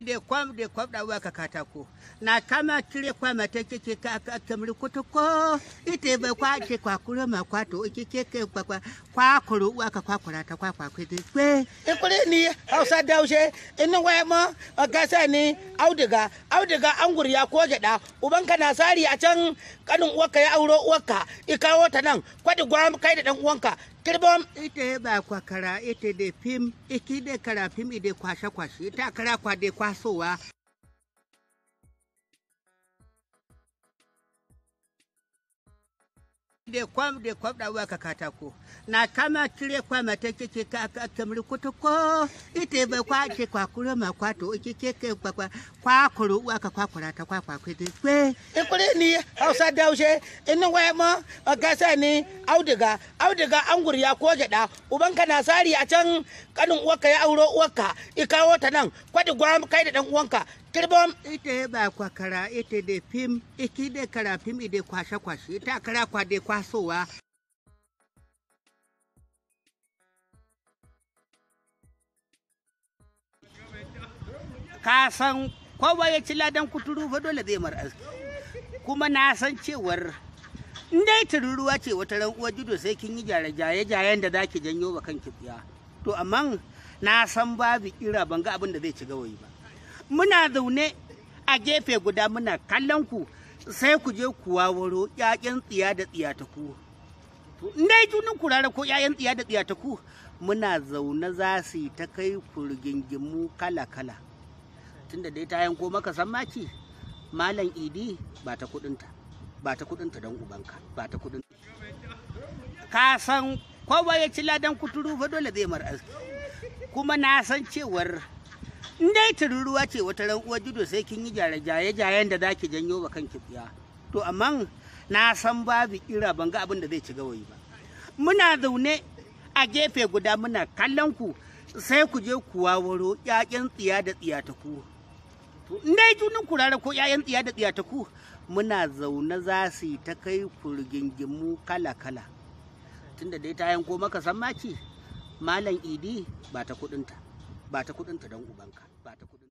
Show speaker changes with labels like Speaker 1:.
Speaker 1: de kwam de kwam da waka katako na kama kire kwa mata ke ka kamri kutuko ite ba kwa ke kwa kure ma kwa to ke ke kwa kwa kwa kuru waka kwa kura ta kwa kwa ke de kwe e kure ni hausa da ushe inna waya ma gasa ni audiga audiga anguri ya ko jada uban ka na sari a can kanin ka ya auro uwarka i kawo ta nan kwadi gwam kai da dan uwanka kirbom ite ba kwa kara ite de fim ite de kara fim ide kwa shi ita kara kwa de kwa 话术啊。da kwam da kwam da waka katako na kama kire kwa ta kike ka ka kamar kutuko ite ba kwa ke kwa kure ma kwa to kike ke kwa kwa kwa kuru waka kwa kura ta kwa kwa kwe e kure ni hausa daushe inu wa mo ga sa ni auduga auduga angur ya ko gyada ubanka na sari a can kanin uwarka ya auro uwarka i kawo ta nan kwadi gwam kai da dan uwanka kirbom ita ba kwa kara ita da fim iki da kara fim ide kwashe kwashe ita kara kwa da kwasowa ka san kowa ya ci ladan kuturu fa dole zai mar aski kuma na san cewar in dai tururuwa ce wata ran uwa judo sai kin yi gyare jaye jayen da zaki janyo wa kanki tsiya to amma na san babu ira ban ga abin da zai ci gawayi ba muna zaune a gefe guda muna kallon ku sai ku je ku wawaro ƴaƴan tsiya da tsiya ta ku to in dai junin ku rara ko ƴaƴan tsiya da tsiya ta ku muna zaune za su yi ta kai ku rigingimu kala kala tunda dai ta yanko maka maki, malam idi ba ta kuɗinta ba ta kudin ta dan ubanka ba ta kudin ka san kowa ya ci ladan kuturu fa dole zai mar aski kuma na san cewar in dai tururuwa ce wata ran uwa jido sai kin yi jare jaye jayen da zaki janyo kan kanki tsiya to amma na san babu ira ban ga abin da zai ci gawayi ba muna zaune a gefe guda muna kallon ku sai ku je ku wawaro yakin tsiya da tsiya ta ku to in dai junin kurare ko 'ya'yan tsiya da tsiya ta ku muna zaune za su yi ta kai kurgingimu kala-kala tunda dai ta yanko maka san maki malam idi ba ta kudinta ba ta kudinta don ubanka